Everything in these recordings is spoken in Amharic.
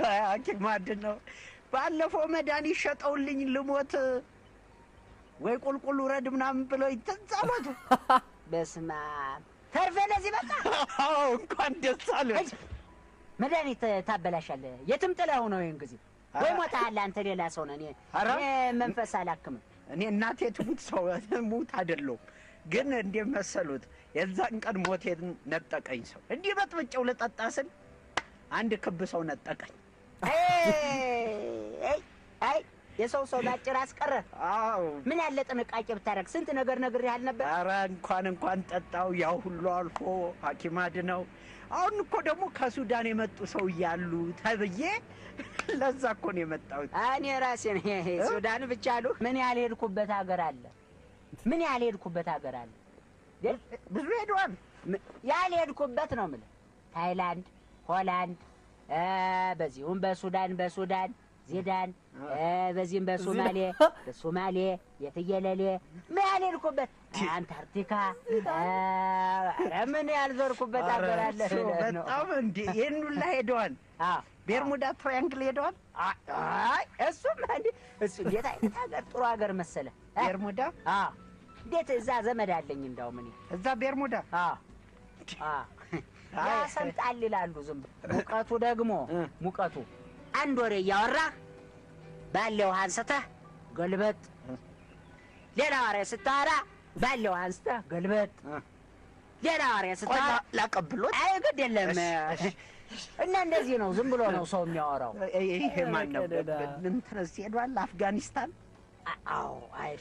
ሐኪም ማዕድን ነው። ባለፈው መድኃኒት ሸጠውልኝ ልሞት ወይ ቁልቁል ውረድ ምናምን ብለው ይተንጻሎት። በስመ አብ ተርፌ ለዚህ በቃ እንኳን ደስ አለህ። መድኃኒት ታበላሻለህ። የትም ጥለኸው ነው ይህን ጊዜ ወይ ሞታሃል አንተ። ሌላ ሰው ነህ። እኔ መንፈስ አላክምም። እኔ እናቴ ትሙት ሰው ሙት አይደለሁም ግን እንዴ መሰሉት፣ የዛን ቀን ሞቴን ነጠቀኝ ሰው። እንዲህ በጥብጨው ልጠጣ ስል አንድ ክብ ሰው ነጠቀኝ። የሰው ሰው ባጭር አስቀረ። ምን ያለ ጥንቃቄ ብታደርግ። ስንት ነገር ያህል ነበር። አረ እንኳን እንኳን ጠጣው። ያው ሁሉ አልፎ ሐኪም አድነው። አሁን እኮ ደግሞ ከሱዳን የመጡ ሰው እያሉ ተብዬ ለዛ እኮ ነው የመጣሁት። እኔ ራሴ ሱዳን ብቻ አሉ። ምን ያህል ሄድኩበት ሀገር አለ። ምን ያህል ሄድኩበት ሀገር አለ። ብዙ ሄደዋል። ያህል ሄድኩበት ነው የምልህ። ታይላንድ፣ ሆላንድ በዚሁም በሱዳን በሱዳን ዚዳን በዚህም በሶማሌ በሶማሌ የትየለሌ ምን ያልኩበት አንታርክቲካ ምን ያልዞርኩበት አገራለሁ። በጣም እንዲ ይህን ሁላ ሄደዋል። ቤርሙዳ ትራያንግል ሄደዋል። እሱም እንዲ እሱ እንዴት አይነት ሀገር ጥሩ ሀገር መሰለ ቤርሙዳ። እንዴት እዛ ዘመድ አለኝ እንዳውም እኔ እዛ ቤርሙዳ ያሰምጣል ይላሉ። ዝም ሙቀቱ ደግሞ ሙቀቱ አንድ ወሬ እያወራህ ባለው አንስተህ ገልበጥ፣ ሌላ ወሬ ስታወራ ባለው አንስተህ ገልበጥ፣ ሌላ ወሬ ስታወራ ላቀብሎት። አይ ግድ የለም እና እንደዚህ ነው። ዝም ብሎ ነው ሰው የሚያወራው። ይሄ ማን ነው? እንትን ሄዷል አፍጋኒስታን አዎ አይ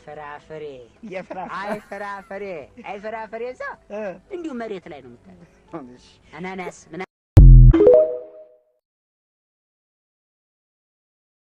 ፍራፍሬ አይ እዛ እንዲሁ መሬት ላይ ነው የምታለው። አናናስ ምናምን